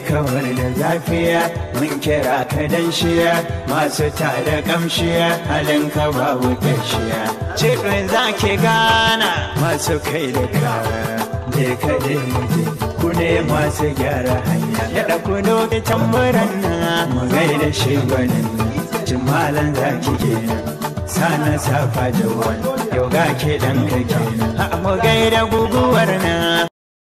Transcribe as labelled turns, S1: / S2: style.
S1: duka da zafiya mun kira ka dan shiya masu tada kamshiya halin ka babu gashiya cikin zaki gana masu kai da kara je ka je muje ku ne masu gyara hanya ya ɗauko lokacin muran nan mu gaida shi gwanin jimalan zaki kenan sana safa
S2: da wani yau ga ke ɗan kake mu gaida guguwar na